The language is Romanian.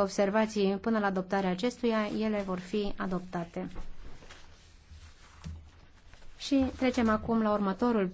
observații până la adoptarea acestuia, ele vor fi adoptate. Și trecem acum la următorul